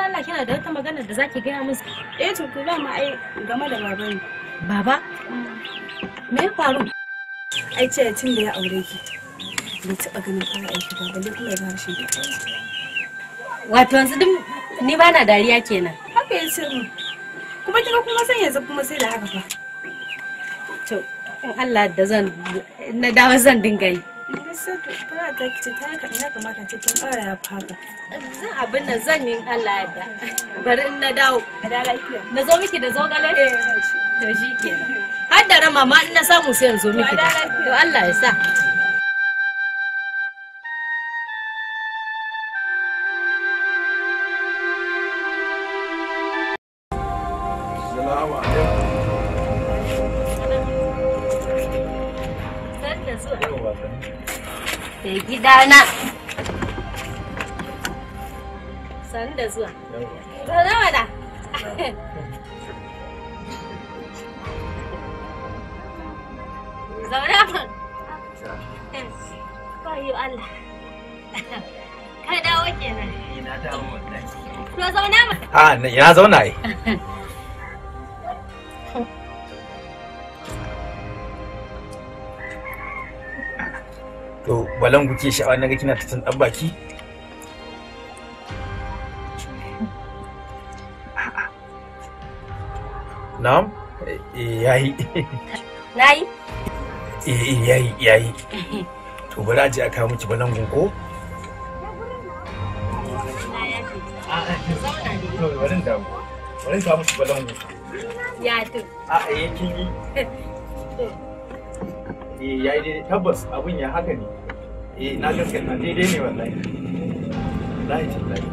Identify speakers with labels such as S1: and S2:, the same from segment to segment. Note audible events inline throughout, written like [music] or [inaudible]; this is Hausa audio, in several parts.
S1: Allah kina da wata magana da zaki gaya musu. Eh to to dama ai game da baba ne. Baba? Me ya faru? Ai ce tun da ya aure ki. Bai taɓa ganin fara aiki ba balle kuma ya ba shi. Wato yanzu duk ni bana dariya kenan. Haka ya ce mu. Kuma kika kuma san yanzu kuma sai da haka fa. To in Allah da zan na dawo zan dinga yi. sirri kana ta kice ta haka ina kamata ce kin ƙara ya faka zan abin da zan yi Allah ya da bari in na dawo da lafiya na zo miki da zogale to shi har da rama ma in na samu sai in zo miki da to Allah ya sa Thank you. Da gidana sani da zuwa [laughs] Allah [laughs] ka dawo kenan ina dawo zauna
S2: a ina zauna ai [laughs] to balan guke shi na ga kina ta dan baki na'am eh, eh, yayi
S1: [laughs] nayi
S2: eh, eh yayi yayi to bari a je a kawo miki balan gunko ya to a eh kin yi [laughs] eh yayi tabbas abun ya haka ne eh na gaskata daidai ne wallahi wallahi tallahi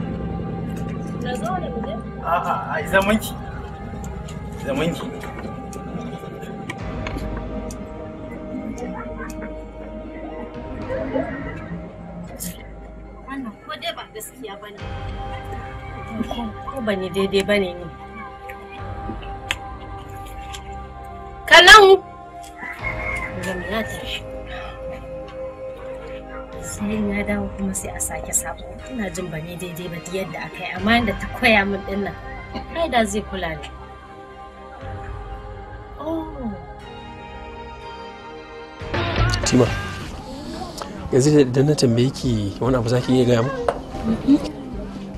S1: na zo da mu je a
S2: ai zamanki zamanki
S1: wannan ko ba ba ne daidai bane ne kalan bayan ya dawo kuma sai a sake sabo ina jin ba ni daidai ba yadda aka yi amma yadda ta koya min din nan ai da zai kula ne oh.
S2: Tima, yanzu idan na tambaye ki wani abu za ki iya gaya mu?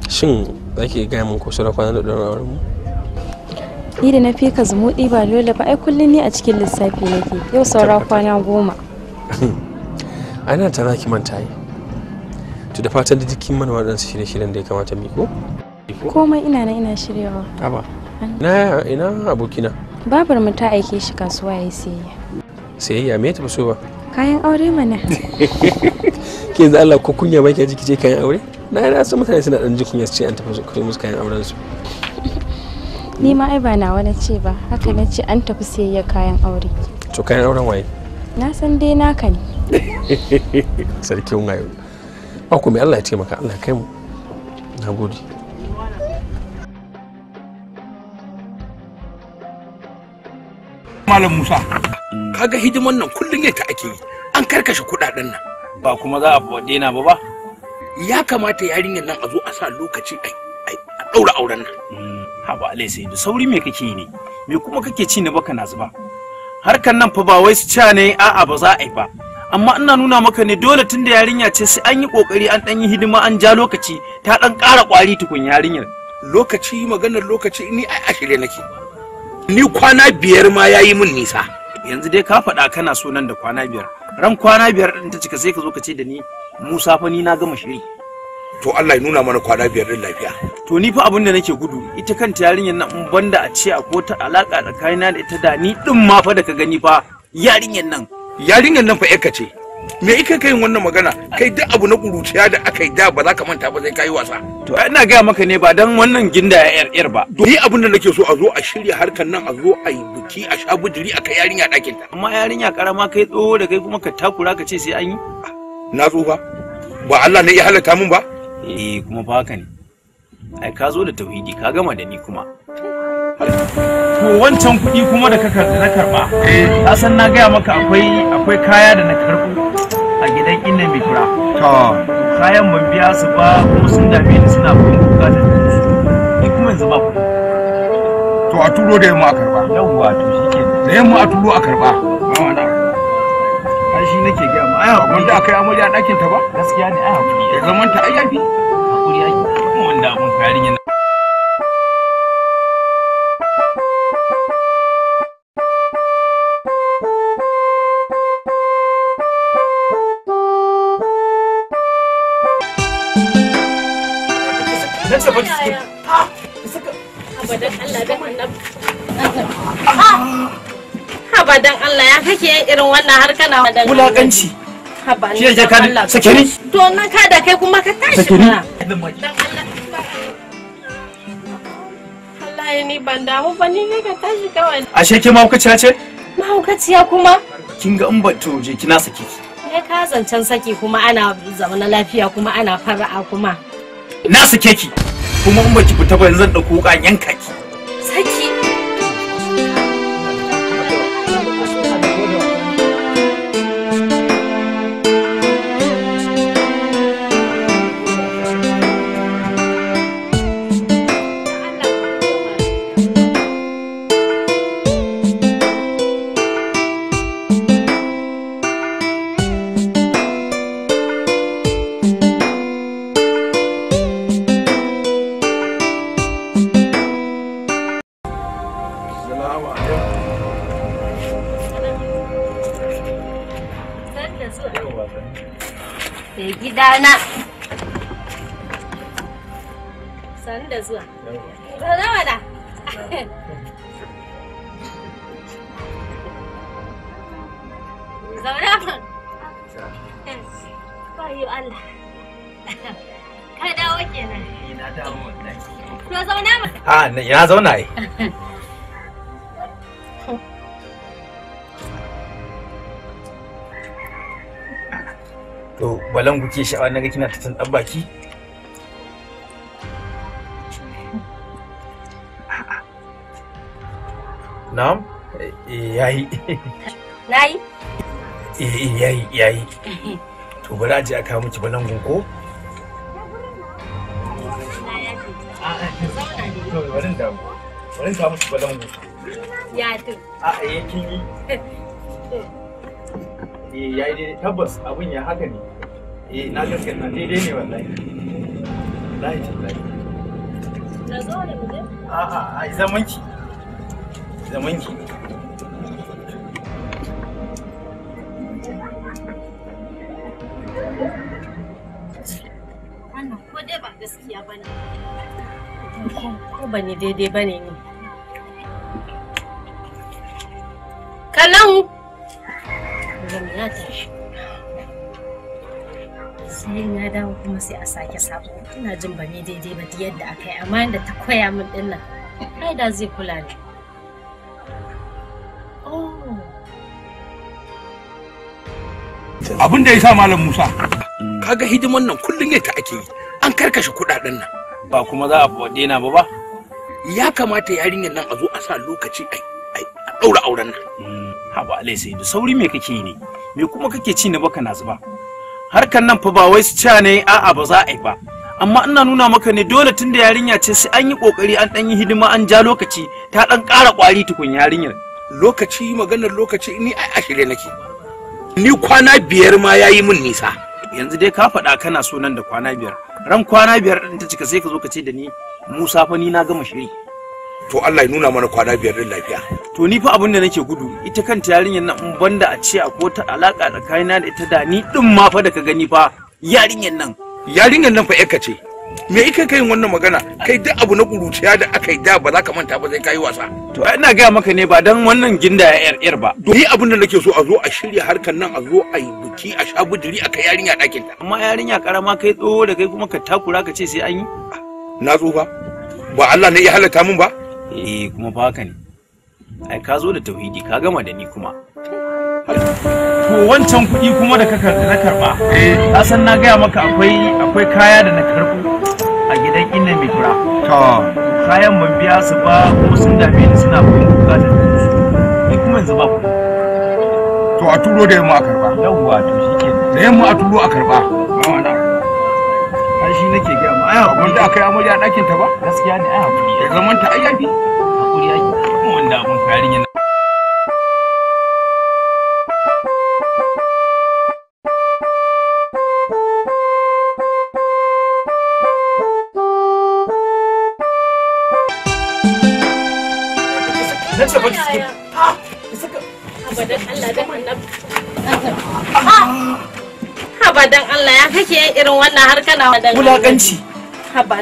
S2: Shin za ki iya gaya mun ko sura kwana da ɗaurin auren mu?
S1: Ni da na fi ka zumuɗi ba dole ba ai kullum ni a cikin lissafi nake yau saura kwana goma.
S2: [laughs] a yana ta za ki manta yi to da fatan da jikin mana waɗansu shirye-shiryen da ya kamata mi ko
S1: komai ina na ina shiryawa
S2: aba na ina abokina
S1: babar mu ta aike shi kasuwa ya sayayya
S2: sayayya me ta so ba
S1: kayan aure mana
S2: [laughs] ke da Allah ko kunya ba ki ji kije kayan aure na yana san mutane suna dan ji kunya su ce an tafi kai musu kayan auren su
S1: ni ma ai ba nawa na ce ba haka na ce an tafi sayayya kayan aure
S2: to kayan auren waye
S1: na san dai naka ne
S2: [laughs] sarkin wayo ba ku mai Allah ya taimaka Allah kai mu na gode malam Musa kaga hidiman nan kullun ya ta ake yi an karkashe kudaden nan ba kuma za a daina ba ba ya kamata yarinyar nan a zo a sa lokaci a daura auren nan hmm, haba alai sai da sauri me kake yi ne me kuma kake ci ne baka na zuba harkan nan fa ba wai su ca ne a'a ba za a yi ba amma ina nuna maka ne dole tunda yarinya ce sai an yi kokari an dan yi hidima an ja lokaci ta dan ƙara ƙwari tukun yarinyar lokaci maganar lokaci ni ai ashirye nake ni kwana biyar ma yayi min nisa yanzu dai ka faɗa kana so nan da kwana biyar ran kwana biyar din ta cika sai ka zo ka ce da ni Musa fa ni na gama shiri to Allah ya nuna mana kwana biyar din lafiya to ni fa abin da nake gudu ita kanta yarinyar nan banda a ce akwai ta alaka tsakanina da ita da ni din ma fa da ka gani fa yarinyar nan yarinyar nan fa yaka ce me ika kai wannan magana kai duk abu na kuruciya da aka yi da ba za ka manta ba sai kai wasa to ina gaya maka ne ba dan wannan ginda ya yar yar ba ni abin da nake so a zo a shirya harkan nan a zo a yi buki a sha bujiri a kai yarinya dakin ta amma yarinya karama kai tsoho da kai kuma ka takura ka ce sai an yi na tsufa ba Allah ne ya halatta min ba eh kuma fa haka ne ai ka zo da tauhidi ka gama da ni kuma Ko wancan kuɗi kuma da ka na karɓa na san na gaya maka akwai akwai kaya da na karɓo a gidan inda mai To kayan ban biya su ba kuma sun dame ni suna bin bukatar ni kuma yanzu ba kuɗi to a turo da yamma a karɓa yawwa to shi da yamma a turo a karɓa ba wani ai shi nake gaya ma ai hakuri da aka yi amarya ɗakin ta ba gaskiya ne ai hakuri ya zamanta ai yafi hakuri ai kuma wanda abun karin yana
S1: faɗa har kana wadan wulakanci shi yake ka sake ni to nan ka da kai kuma ka tashi sake ni wallahi ni ban damu ba ni ne ka tashi kawai ashe ke
S2: mahaukaciya ce mahaukaciya kuma kin ga in ba to je kina saki
S1: ne ka zancan saki kuma ana zaman lafiya kuma ana fara'a kuma
S2: na sake ki kuma in ba ki fita ba yanzu zan dauko wuka yanka ki
S1: saki zuwa zama zauna bayu to zauna
S2: mu ya to balan guke sha'awa na ga kina ta tsan baki na'am eh, eh, yayi
S1: [laughs] nayi
S2: eh, yayi yayi [laughs] to bari a a kawo miki balangun ko ya yi [laughs] eh tabbas abun ya haka ne na gaskata daidai ne wallahi
S1: na zo ne mu a
S2: ai zaman ko
S1: dai ba gaskiya ba ne ko ba ni daidai ba ne ni zan ya tashi sai ya dawo kuma sai a sake sabo ina jin ba ni daidai ba yadda aka yi amma yadda ta koya min dinnan ai da zai kula
S2: abin da ya sa malam musa kaga hidiman nan kullum yadda ake yi an karkashe kuɗaɗen nan ba kuma za a daina ba ba ya kamata yarinyar nan a zo a sa lokaci a ɗaura auren nan hmm, haba alai sai da sauri me kake yi ne me kuma kake ci na baka na zuba harkan nan fa ba wai su ca ne a'a ba za a yi ba amma ina nuna maka ne dole tun da yarinya ce sai an yi kokari an dan yi hidima an ja lokaci ta dan kara kwari tukun yarinyar lokaci maganar lokaci ni ai a shirye nake ni kwana biyar ma ya yi min nisa yanzu dai ka faɗa kana so nan da kwana biyar ran kwana biyar ɗin ta cika sai ka zo ka ce da ni musa fa ni na gama shiri to Allah ya nuna mana kwana biyar din lafiya to ni fa abin da nake gudu ita kanta yarinyar nan banda a ce akwai wata alaka tsakanina da ita da ni ɗin ma fa da ka gani fa yarinyar nan yarinyar nan fa yarka ce me ika kai wannan magana kai duk abu na kuruciya da aka yi da ba za ka manta ba sai kai wasa to ina gaya maka ne ba dan wannan ginda ya yar yar ba ni abin da nake so a zo a shirya harkan nan a zo a yi biki a sha bujiri a kai yarinya dakin ta amma yarinya karama kai tsoho da kai kuma ka takura ka ce sai an yi na tsufa ba Allah ne ya halatta min ba eh kuma fa haka ne ai ka zo da tauhidi ka gama da ni kuma to wancan kuɗi kuma da ka karɓa eh. ka san na gaya maka akwai akwai kaya da na karɓo kayan ban biya su ba kuma sun dame ni suna bin bukatar su ni kuma yanzu ba to a turo da yamma a karba yawwa to shike da yamma a turo a karba har shi nake ga ma ai wanda aka yi amarya a ɗakin ta ba gaskiya ne ai hakuri zaman ta ai yafi hakuri ai kuma wanda abun karin yana
S1: irin wannan har kana da wulakanci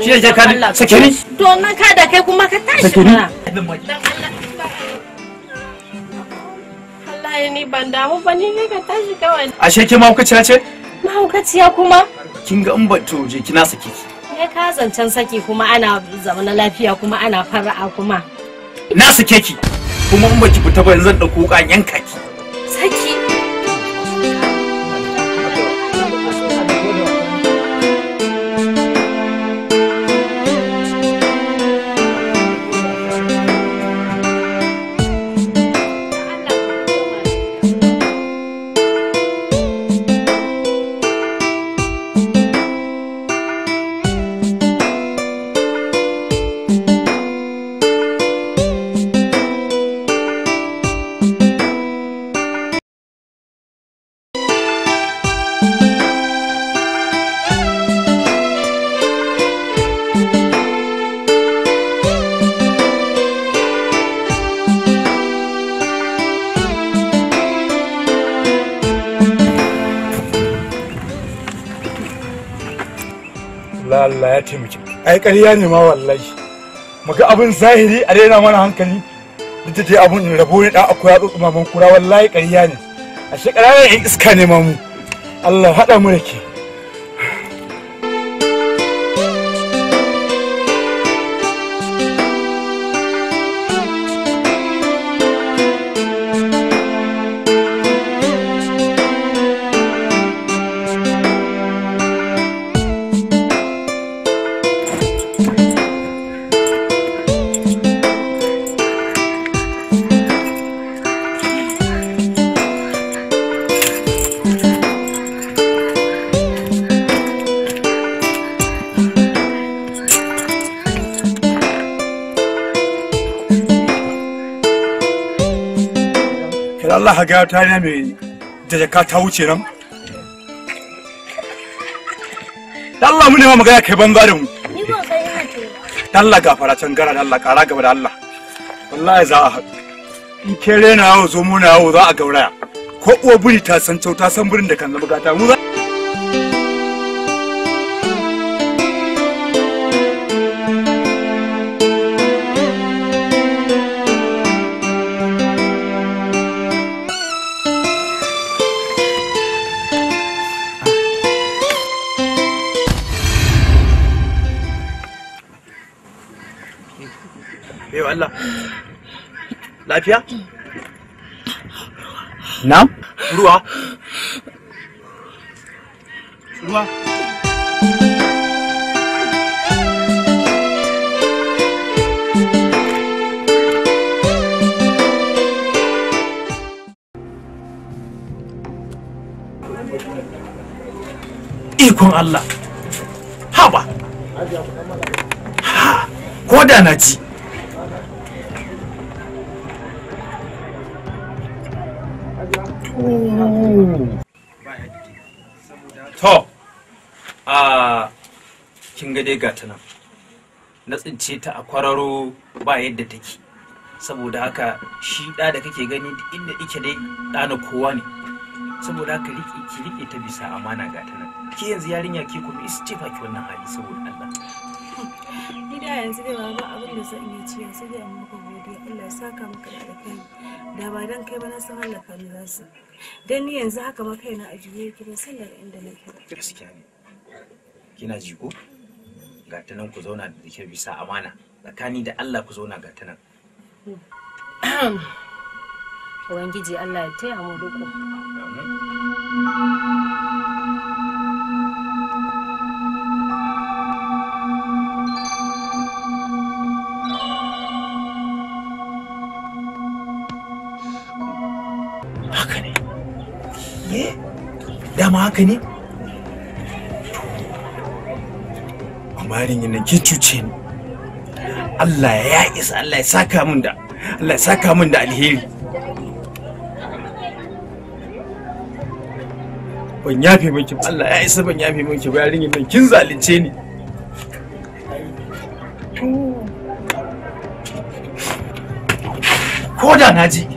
S1: shi ya ka sake ni to nan ka da kai kuma ka tashi mana wallahi ni ban damu ba ni ne ka tashi kawai ashe ke mahaukaciya ce mahaukaciya kuma
S2: kin ga in ban to je kina saki
S1: ne ka zancen saki kuma ana zama na lafiya kuma ana fara'a kuma
S2: na sake ki kuma in baki fita ba zan ɗauko wuƙa yanka ki saki taimake ai ƙarya ne ma wallahi muga abin zahiri a daina mana hankali duk da dai abin in rabo ne da akwai yatsu maman kura wallahi ƙarya ne a shekara ne iska ne ma mu Allah haɗa mu da Allah ga ta na mai da jaka ta wuce nan Allah mu ne ma magana kai banza da mu Allah gafara can gara Allah kara gaba da Allah wallahi za a haɗu in ke rena yau zo muna yau za a gauraya ko uwa buri ta san ta san burin da kan zama gata mu za Na'am, ruwa ruwa ikon Allah haba ha ko da na ci to a kin ga dai gata nan na tsince ta a kwararo ba yadda take saboda haka shi ɗa da kake gani inda ike dai ɗa na kowa ne saboda haka riƙe ki riƙe ta bisa amana gata nan ki yanzu yarinya ke kuma isi ce baki wannan hali saboda Allah
S1: [laughs] ni da yanzu dai ba abin da zan iya ci yanzu dai amma Allah ya saka maka da alkhairi da ba dan kai ba na san Allah ka za su dan ni yanzu haka ma kaina a juye ki ban san daga inda nake
S2: gaskiya ne kina ji ko ga ta nan ku zauna da kike bisa amana tsakani da Allah ku zauna ga ta nan
S1: Ubangiji Allah ya taya mu duku. Amin.
S2: dama haka ne amma yarin yana ke cuce ni Allah ya isa Allah ya saka min da Allah ya saka min da alheri ban yafe miki Allah ya isa ban yafe miki ba yarin yana kin zalunce ni ko da na ji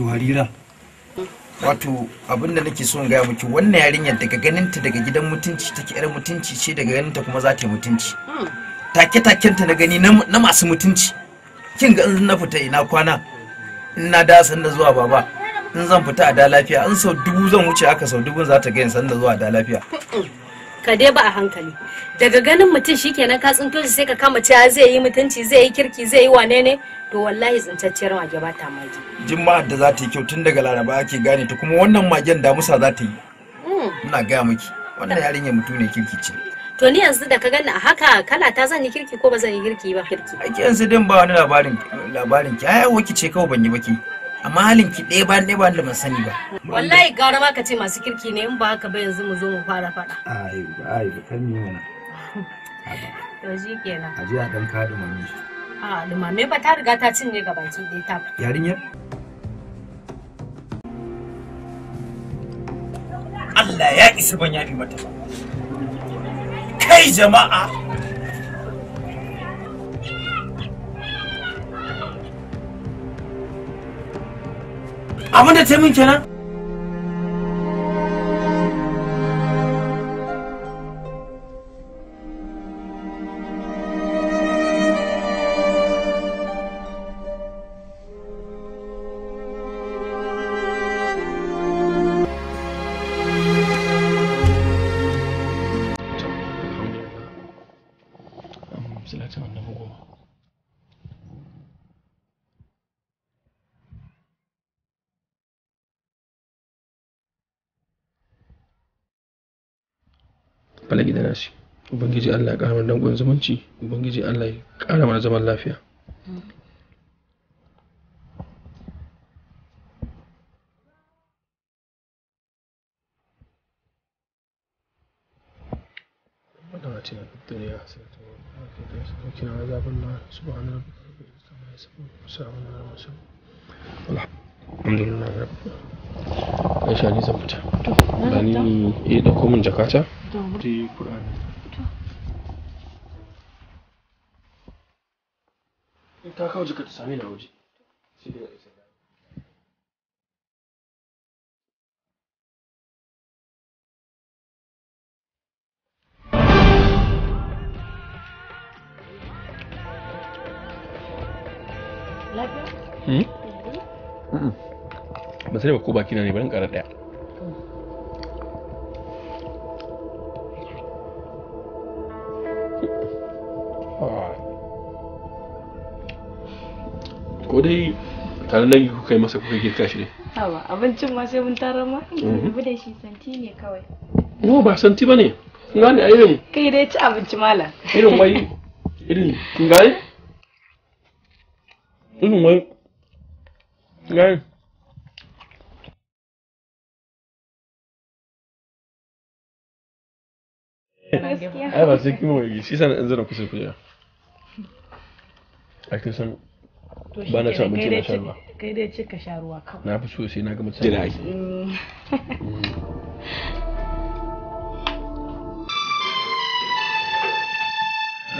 S2: wato harira wato abin da nake in gaya miki wannan yarinyar daga ganinta daga gidan mutunci take yar mutunci ce daga ganinta kuma za ta yi mutunci hmm. take takenta na gani na masu mutunci kin ga in na fita ina kwana in na da sanda zuwa baba in zan fita a da lafiya in sau dubu zan wuce aka sau dubu za ta ga san sanda zuwa da lafiya
S1: hmm. ka dai ba a hankali daga ganin mutum shikenan ka tsinto shi sai ka kama cewa zai yi mutunci zai yi kirki zai yi wane ne to wallahi tsintacciyar mage ba ta mage
S2: ma da za ta yi kyau tun daga laraba ake gane ta kuma wannan magen damusa za ta yi hmm. ina gaya miki wannan yarinyar mutum ne kirki ce
S1: to ni yanzu da ka gani a haka kala ta zan yi kirki ko ba zan yi kirki ba kirki ake yanzu
S2: din ba wani labarin labarin ki ai waki ce kawai ban yi baki amma halin ki ɗaya ba ɗaya ba da ban sani ba wallahi
S1: gara ba ka ce masu kirki ne in ba haka ba yanzu mu zo mu fara faɗa
S2: ai ai kan yi mana
S1: [laughs] to shi kenan a
S2: jiya dan ka dumame shi
S1: a dumame ba ta riga ta cinye ga baki ɗaya ta
S2: yarinyar Allah ya isa ban yafi mata kai jama'a 我问的前面呢？
S1: da shi ubangiji Allah ya kara mana dangon zumunci ubangiji Allah ya kara mana zaman lafiya
S2: Alhamdulillah, ya الدنيا حسنة وقنا عذاب ni zan fita. Bani eh dauko min jakata.
S1: ti Kur'ani in ta kawo sami na hmm? mhm. waje
S2: sai Ba ko baki na ne dai tare nan yi kuka yi masa kuka girka shi ne
S1: hawa abincin ma sai mun tara ma mhm. rabu da shi santi ne kawai
S2: no ba santi ba ne kun ne a irin
S1: kai dai ci abinci mala irin wai irin kun gane irin wai gane Ai ba sai kima wai shi sana in zana kusa kujera. Ai kin san ba na samun abinci na sha ruwa kai dai ce sha ruwa kawai na fi so sai na gama cin abinci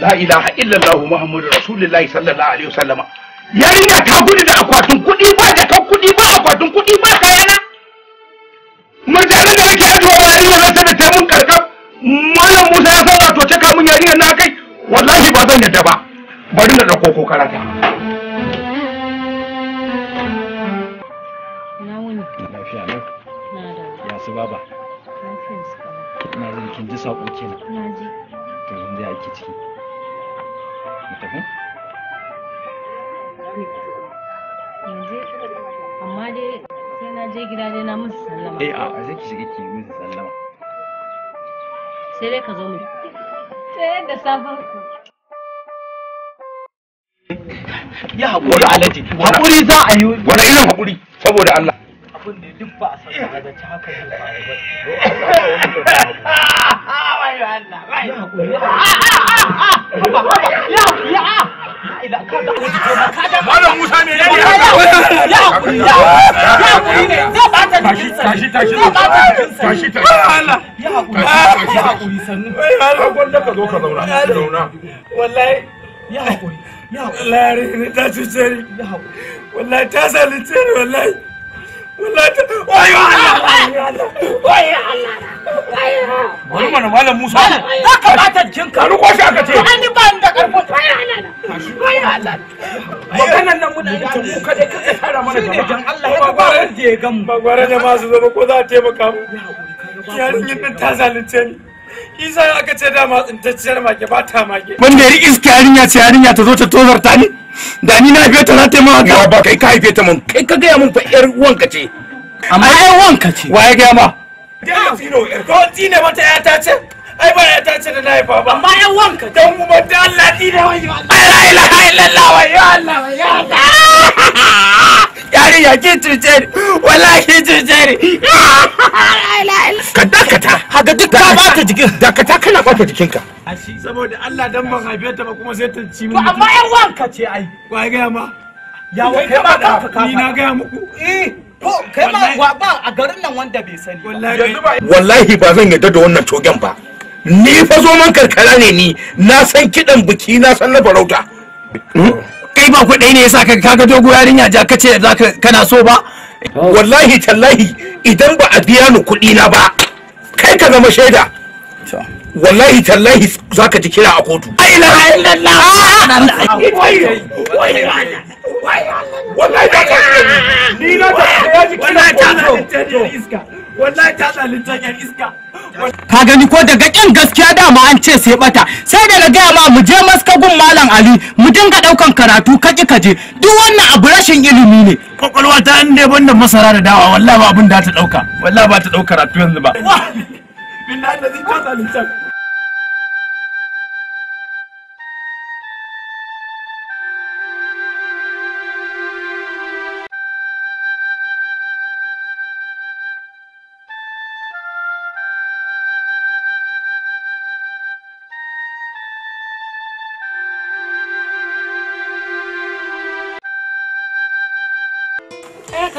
S1: la ilaha illallah
S2: muhammadu rasulullahi sallallahu alaihi wasallam yarinya ta gudu da akwatin kudi ba da kan kuɗi ba akwatin kudi ba kayana mutanen da nake ajiwa ba har yanzu sai da ta mun karkar Mallam musa ya san a toce kamun yarinyar na kai wallahi ba zan yadda ba bari na ɗauko ko karata
S1: sai dai ka zo mu sai da sabon ya haƙuri alaji haƙuri za a yi wani irin haƙuri
S2: saboda Allah abin da duk ba a san kuma da ta haka ne ba Malam Musa ne ya yi haka. Ya hakuri, ya
S1: hakuri ne. Zai ba ta sa. Tashi, tashi, tashi. Tashi, tashi. Ya hakuri,
S2: ya hakuri sannu. Gwanda ka zo ka zauna, zauna. Wallahi, ya hakuri, ya hakuri. Wallahi, ta cuce ni. Ya hakuri. Wallahi, ta zalice ni, wallahi. Wani mana malam Musa. ka bata jinka. Wani kwashe aka ce. Wani ba da karfin tsaya halala. Tsaya halala. Maganan nan muna yi tun kuka Allah ya ba ya ne ma su ko za a taimaka mu. Yarinyar nan ta ni. Isa ya aka ce dama tsintacciyar mage ba ta mage. Wanda ya iska yarinya ce yarinya ta zo ta tozar ta ni? Da ni na biyo ta za ta yi mawa gawa ba kai ka haife ta mun kai ka gaya mun fa ƴar wanka ce. Amma ƴar wanka ce. Wa ya gaya ma? Dai ya tino yar ko tine mata ƴa ta ce. ai ba ya tace da na haifa ba amma yan wanka dan ba da Allah ni da wani Allah la ilaha illallah ya Allah ya Allah yari ya [laughs] ki cuce ni wallahi ki cuce ni ka dakata haga duk ka ba ta jikin dakata kana kwafa ashi saboda Allah dan ban haife ta ba kuma sai ta ci mun to amma yan wanka ce ai wa ga ma ya wai kai ma ka ka ni na ga muku eh ko kai ma wa ba a garin nan wanda bai sani wallahi ba zan yadda da wannan togen ba ni fa zo man karkara ne ni na san kiɗan biki na san na farauta kai ba ku ne yasa ka kaga dogo yarinya ja kace zaka kana so ba wallahi tallahi idan ba a biya ni kuɗi na ba kai ka zama shaida wallahi tallahi zaka ji kira a kotu ai la ilaha illallah wallahi ta ni na ta ya ji kina ta iska wallahi ta ta litan iska ka gani ko daga kin gaskiya dama an ce sai bata sai da gaya ma mu je maskagun malam ali mu dinga daukan karatu kaji kaje duk wannan abu rashin ilimi ne kokolwa ta an dai banda masara da dawa wallahi ba abin da ta dauka wallahi ba ta dauka karatu yanzu ba billahi da zai ta ta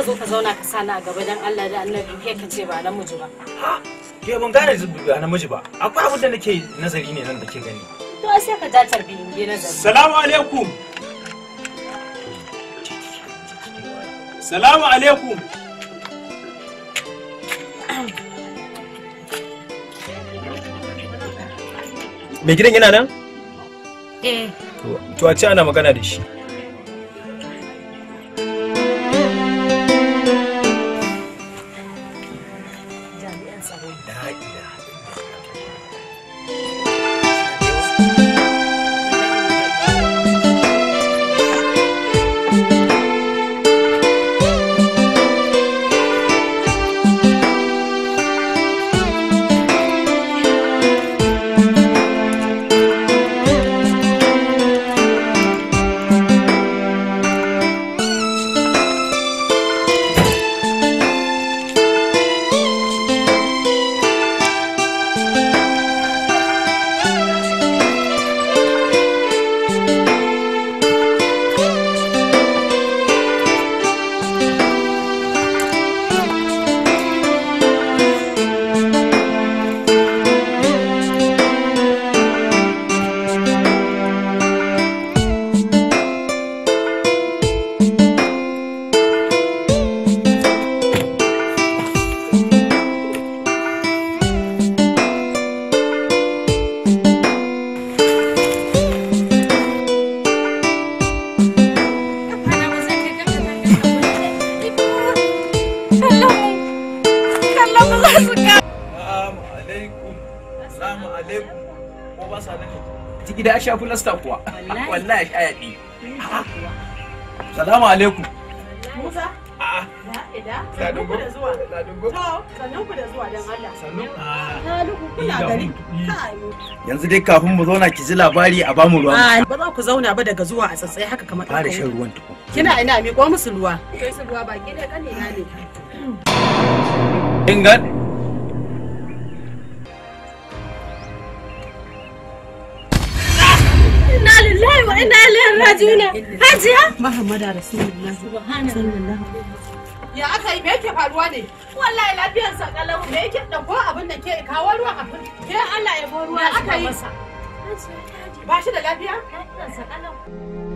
S1: zo ka zauna ka sani a gaba dan Allah da annabi kai ka ce ba namiji ba ke ban gane
S2: ba namiji ba akwai abin da nake nazari ne nan da ke gani
S1: to sai ka ja tarbi in je nazari salamu alaikum salamu alaikum mai gidan yana nan? eh
S2: to a ce ana magana da shi Assalamu alaikum.
S1: Musa. da zuwa. da zuwa don Allah. kuna gari.
S2: Yanzu dai kafin mu zauna ki ji labari a bamu ruwa.
S1: Ba za ku zauna ba daga zuwa a tsatsai haka kamar ɗan Fara shan ruwan tukun. Kina ina miƙo musu ruwa. Kai ruwa baki ƙanina ne. Hmm. Ingat. Hajula, Hajiya? Muhammadu Rasulullah. Subhanallah. Ya aka yi me yake faruwa ne? Wallahi lafiyar sa kalau me yake ko abin da ke kawo ruwa a fin.
S2: Ke Allah ya bo ruwa aka yi masa.
S1: Ba shi da lafiya? Lafiyar sa kalau.